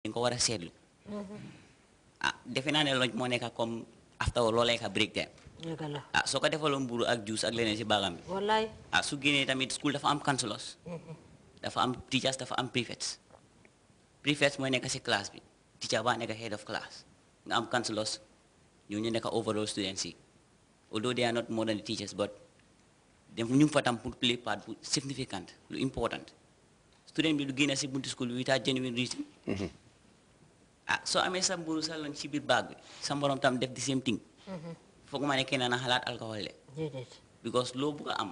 dañ ko war a seetlu ah defe naa ne loj moo nekka comme after loolee ka break time ah soo ko defaloon mburu ak juice ak leneen si baagam bi wallaay ah su génnee tamit school dafa am counselors dafa am teachers dafa am prefects prefects mooy nekk si ñu ñu nekk overall students yi although they are not more teachers but dem fa tam pour play part bu significant lu important student bi du génne si buntu school without genuine reason ah soo amee sa mburu sa lañ ci biir baag bi sa mborom tam def di same thing mm-hmm. foog ma ne keneen a xalaat alcool de because loo bugg a am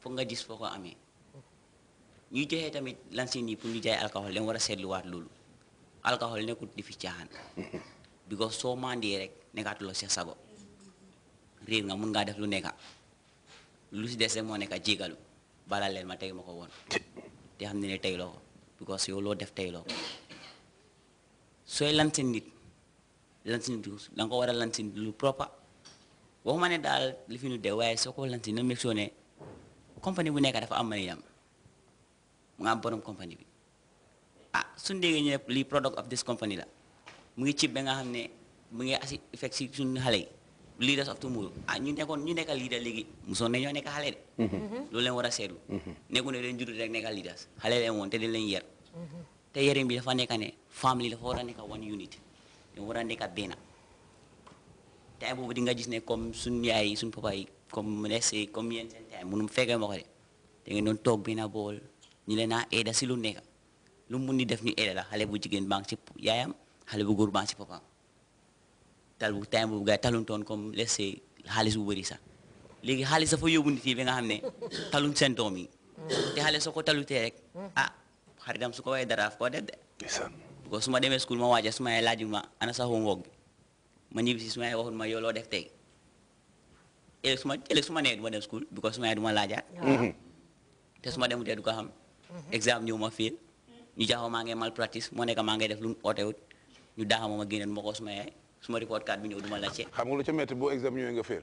foog nga gis foo ko amee mm-hmm. ñuy joxe tamit si yi pour ñu jaay alcool dañ war a seetluwaat loolu alcool nekkut di fi caaxaan mm-hmm. because soo mandee rek nekkaatuloo sa sago réer nga mun ngaa def lu nekka lu si dese moo nekka jégalu balaa leen ma tey ma ko woon te xam ne ne tey ko because yow loo def tey ko sooy lantin nit lantin nit da nga ko war a lantin lu proper waxuma ne daal li fi nu dee waaye soo ko lantin na make sure ne compagnie bu nekk dafa am mën yam mu nga am borom compagnie bi ah suñ déggee ñu ne lii product of this company la mu ngi cib ba nga xam ne mu ngi asi effect si suñu xale yi leaders of tomorrow ah ñu nekkoon ñu nekkal leader léegi musoon nañoo nekk xale de mm-hmm. loolu leen war a seetlu mm-hmm. nekku ne leen juddu rek nekkal leaders xale leen woon te di leen yar mm-hmm. te yëriñ bi fa nekk ne family dafa war a nekk one unit dafa war a nekk benn time boobu di nga gis ne comme suñ yaay suñ papa yi comme let's say comme yéen seen time munum fekkee ma ko de da ngeen doon toog benn bool ñu leen a aida si lu nekk lu mun ni def ñu la xale bu jigéen baa ngi ci yaayam xale bu góor baa ngi ci papaam tal bu time boobu gars yi taluntoon comme let's say xaalis bu bëri sax léegi xaalis dafa yóbbu nit yi nga xam ne talun seen doom yi mm. te xaalis soo ko talutee rek mm. ah, xaritam su ko waaye dara daf koo de. parce que demee school ma waaja su ma laaj ana sa homework bi ma ñibbi si su ma waxul ma yow loo def tey ëllëg su nee du dem school parce que su ma laajaat. Mm-hmm. te su ma demutee du ko xam. Mm-hmm. exam ñëw ma fiil ñu jaaxoo maa ngi malpractice moo nekk maa ngi def lu mu ootewut ñu daaxam ma génnoon ma ko su ma yaay su ma report card bi ñëw du ma laajte. xam nga lu ca métti boo exam ñëwee nga a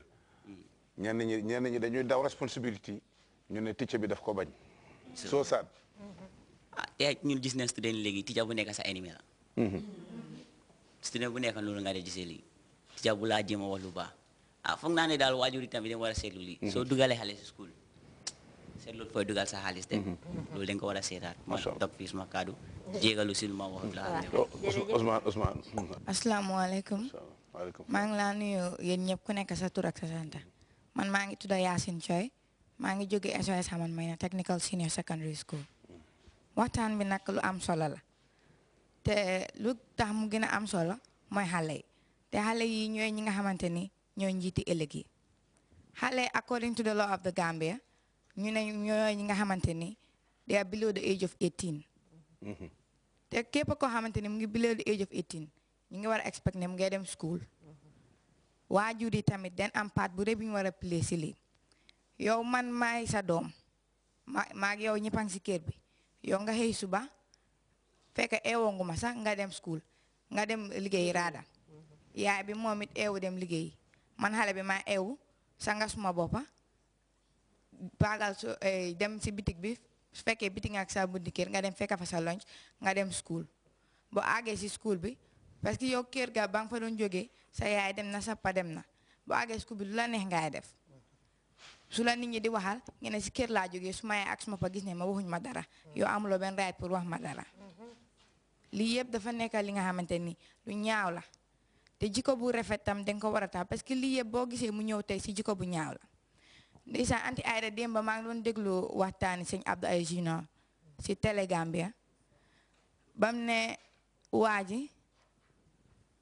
mm. ñenn ñi ñenn ñi dañuy responsibility ñu ne teacher bi ah eh, te ñun gis nañ bu nekk sa ennemi la. Mm-hmm. student bu nekk loolu nga de gisee léegi tija bu laa jéem a wax lu baax ah foog naa ne daal waajur yi tamit dañ war a seetlu lii. Mm-hmm. soo si school seetlu fooy dugal sa xaalis te mm-hmm. loolu dañ ko war a seetaat. macha allah ma toog fii suma kaddu jéegalu si lu ma wax. waaw Ousmane oh, Ousmane. asalaamaaleykum. maa ngi laa nuyu yéen ñëpp ku nekk sa tur ak sa sant man maa ngi tudd Yacine Thioy maa ngi jóge SOS Haman Mayina technical senior secondary school. waxtaan bi nag lu am solo la te lu tax mu gën a am solo mooy xale yi te xale yi ñooy ñi nga xamante ni ñoo njiiti ëllëg yi xale yi according to the law of the Gambia ñu ne ñooy ñi nga xamante ni they are below the age of 18. Mm-hmm. te képp koo xamante ni mu ngi below the age of 18 ñu ngi war a expect ne mu ngay dem school waajur yi tamit den am part bu rëy bi ñu war a play si lii yow man maay sa doom ma maag yow ñëpp a si kër bi. yow nga xëy suba fekk eewoo nguma sax nga dem school nga dem liggéey raada yaay bi moom it eewu dem liggéey man xale bi ma eewu sanga suma boppa baagal su eh, dem si bitig bi su fekkee bitig ak sa bunti kër nga dem fekka fa sa lunch nga dem school boo àggee si school bi parce que yow kër gaa ba nga fa doon jóge sa yaay dem na sa pa dem na boo àggee school bi lu la neex ngaay def su la nit ñi di waxal nga si kër laa jógee su ma yaay ak su ma fa gis ne ma waxuñ ma dara yow amuloo benn raay pour wax ma dara lii yëpp dafa nekk li nga xamante ni lu ñaaw la te jikko bu rafet tam danga ko war a taal parce que lii yëpp boo gisee mu ñëw tey si jiko bu ñaaw la ndeysaan anti ayda démb maa ngi doon déglu waxtaani sëñ Abdou ay Junior si Télé Gambia bam ne waa ji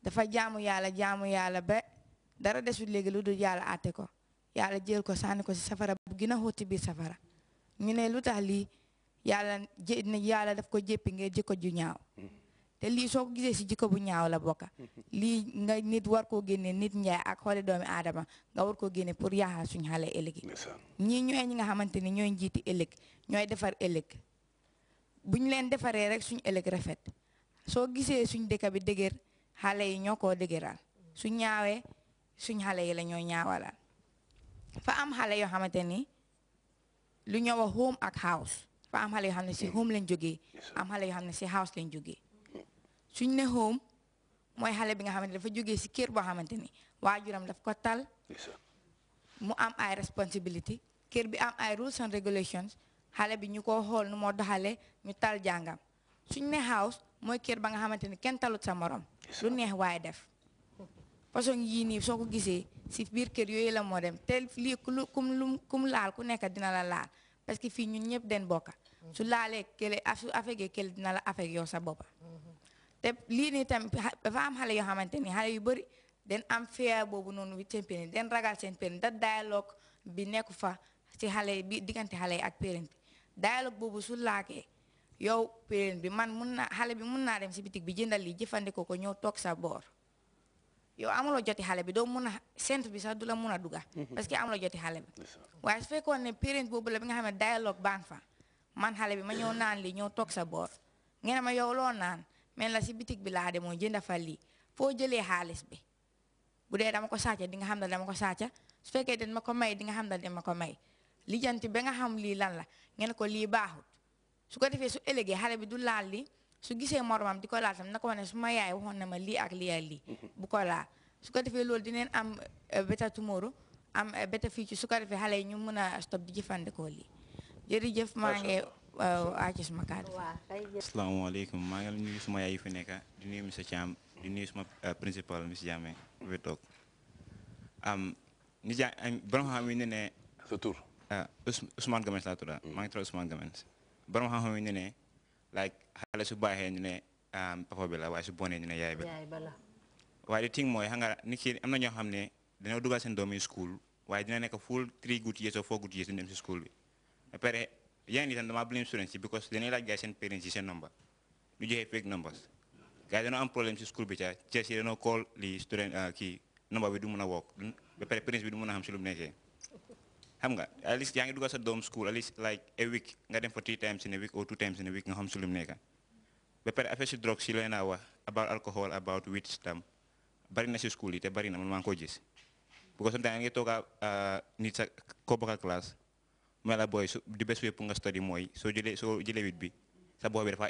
dafa jaamu yàlla jaamu yàlla ba dara desu léegi lu dul yàlla àtte ko yàlla jël ko sànni ko si safara bu gën a biir safara ñu ne lu tax lii yàlla jé yàlla daf ko jéppi nga jikko ju ñaaw te lii soo gisee si jikko bu ñaaw la bokka lii nga nit war koo génne nit njaay ak xooli doomi aadama nga war koo génne pour yaaxal suñ xale ëllëg yi ñii ñi nga xamante ni ñooy njiiti ëllëg ñooy defar ëllëg buñ leen defaree rek suñ ëllëg rafet soo gisee suñ dëkk bi dëgër xale yi ñoo koo dëgëral su ñaawee suñ xale yi la ñoo ñaawalal fa am xale yoo xamante ni lu ñoo wax home ak house fa am xale yoo xam ne si home lañ jógee am xale yoo xam ne si house lañ jógee suñ ne home mooy xale bi nga xamante dafa jógee si kër boo xamante ni waajuram daf ko tal mu am ay responsibility kër bi am ay rules and regulations xale bi ñu ko xool nu moo doxalee ñu tal jàngam suñ ne house mooy kër ba nga xamante ni kenn talut sa morom lu neex waaye def façon yii nii soo ko gisee si biir kër yooyu la moo dem te lii lu kum lu kum laal ku nekk dina la laal parce que fii ñun ñëpp den bokka su laalee kële su affegee kële dina la affeg yow sa boppa te lii nii tam dafa am xale yoo xamante ni xale yu bëri den am feer boobu noonu wi seen périn den ragal seen périn da dialogue bi nekku fa si xale bi diggante xale yi ak périn bi dialogue boobu su laakee yow périn bi man mun naa xale bi mun naa dem si bitig bi jëndal lii jëfandikoo ko ñëw toog sa boor yow amuloo joti xale bi doo mun a centre bi sax du la mun a dugga mhm. parce que amuloo joti xale bi waaye su fekkoon ne parent boobu la bi nga xam ne dialogue baan fa naan li ñëw toog sa boor ngeen ma yow loo naan mel la si bitig bi laa demoo jënda fa lii foo jëlee xaalis bi bu dee dama ko sàcca di nga xam ne dama ko sàcca su fekkee den ma ko may di nga xam ne den ma ko may lijanti ba nga xam lii lan la ngeen ko lii baaxut su ko defee su ëllëgee xale bi du laal li su gisee moromam di ko laal tam na ko wane su ma yaay waxoon na ma lii ak lii ak lii mhm. bu ko laal su ko defee loolu dineen am eh, beta tomorrow am eh, beta ci su ko defee xale yi ñu mën a stop di jëfandikoo lii jërëjëf maa ngi aacis eh, ma kàddu asalaamaaleykum maa ngi nuyu suma yaay yu fi nekk di nuyu monsieur Thiam di nuyu suma principal monsieur Diame fi toog am ni ja borom xam yi ne ne sa tur Ousmane Gamens laa ah. mm. xam yi ne like xale su baaxee ñu um, la waaye su bonee ñu ne bi la waaye di ting mooy xam nga nit ki am na ñoo xam ne dañoo dugal seen doom yi school waaye dina nekk full three good years or four good years dem si school bi ba pare yaa ngi itam damaa blame students yi because dañuy laaj gars seen parents yi seen number ñu joxe si school bi ca Thiès yi dañoo call lii student uh, kii number bi du mun a wokk ba pare parents bi du mun a xam si lu mu nekkee xam nga at least yaa ngi dugal sa doom school at least like a week nga dem fa three times in a week or two times in a week nga xam si lu mu ba pare affaire si drogue si looy naa wax about bari na si school yi te bari na ko gis because sometimes toog a sa koo bokk ak classe mu su di bes way pour nga study mooy soo jëlee soo jëlee wit bi sa booy dafa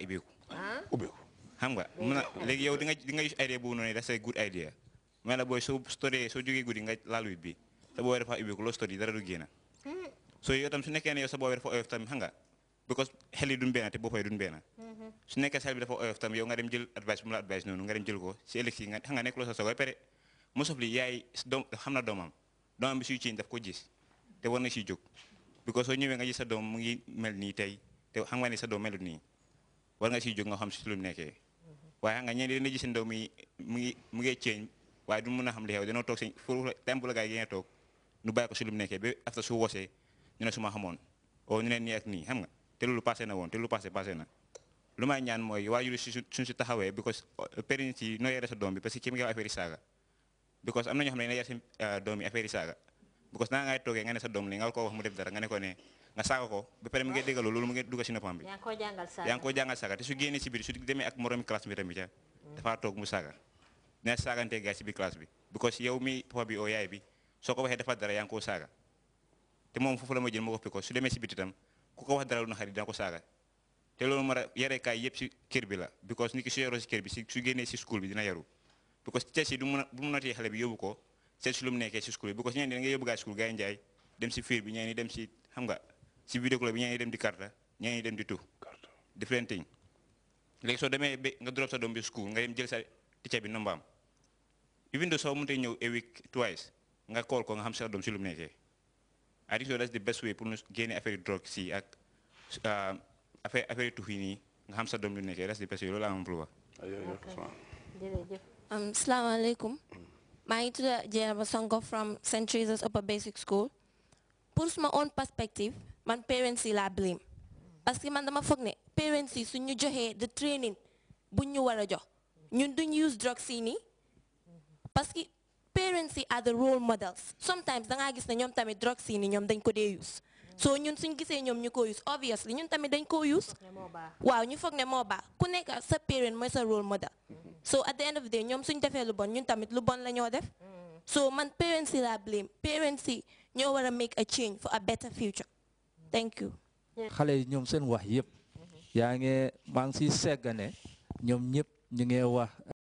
ah? ubbeeku xam nga mun na léegi yow nga di nga use idea boobu noonu that's a good idea mu ne soo study soo guddi nga laal wit bi sa booy dafa ubbeeku loo study dara du na so yow tam su nekkee ne yow sa boobu dafa oyof tam xam nga because xel yi duñ benn te mm-hmm. dafa oyof tam nga dem jël advice bu ko si ëllëg si nga xam nga nekk na doomam doomam bi suy ciiñ daf ko gis te war na siy jóg because soo ñëwee nga gis sa doom mu ngi mel nii tey te xam nga ne sa doom melut nii war nga si jóg nga xam si lu mu nekkee mm-hmm. waaye xam nga ñeen dina gis seen doom yi mu ngi mu ngi ceeñ waaye du mën a xam li xew danoo toog seen foofu temps bu la gaa yi toog nu bàyyi ko si lu mu nekkee ba afta su wosee ñu ne xamoon oo oh, ñu ne nii ak nii xam nga te loolu passé na woon te lu may ñaan mooy waajur si suñ si taxawee because uh, parents yi noo yore sa doom bi parce que uh, naa ngay toogee nga ne sa doom li nga ko wax mu def dara nga ne ko ne nga saaga ko ba pare mu ngi déggalu loolu mu ngi dugg si noppam bi yaa koo jàngal saaga te su génnee si biir su demee ak moroomi classe bi tamit mm. dafaa toog mu saaga dina saagantee gars si biir classe bi because yow te moom foofu la ma jël ma woppi ko su demee si biti tam ku ko wax dara lu na xarit dina ko saaga te loolu ma yarekaay yëpp si kër bi la because nit ki su yaroo si kër bi si su génnee si school bi dina yaru because test yi du mun a du xale bi yóbbu ko seet si lu mu nekkee si nga yóbbu gaa school gaa yi njaay dem si fiir bi ñeen ñi dem si xam nga si vidéo club bi ñeen dem di karta ñeen ñi dem di tu different thing léegi soo demee ba nga drop sa doom bi school nga dem jël sa teacher bi nombaam even though soo mënutee ñëw a week twice ko nga xam sa doom si lu mu I think so best way pour ñu génne affaire yu drogue si ak euh, affaire affaire yu nii nga xam sa doom lu nekkee that's best way loolu laa am pour wax. Um, salaamaaleykum. maa ngi tudd Jeeraba Sonko from St. Teresa's Upper Basic School. pour suma own perspective man parents yi laa blame. parce que man dama foog ne parents yi suñu joxee the training buñ ñu war a jox ñun duñ use drogue si nii parce parents yi are the role models sometimes da gis ne ñoom tamit drugs yi ni ñoom dañ ko dee use so ñun suñ gisee ñoom ñu ko use obviously ñun tamit dañ ko use waaw ñu foog ne moo baax ku nekk sa parent mooy sa role model so at the end of the day ñoom suñ defee lu bon ñun tamit lu bon la ñoo def so man parents yi laa blame parents yi ñoo war a make a change for a better future thank you xale yi ñoom seen wax yëpp yaa ngi maa ngi siy segg ne ñoom ñëpp ñu ngi wax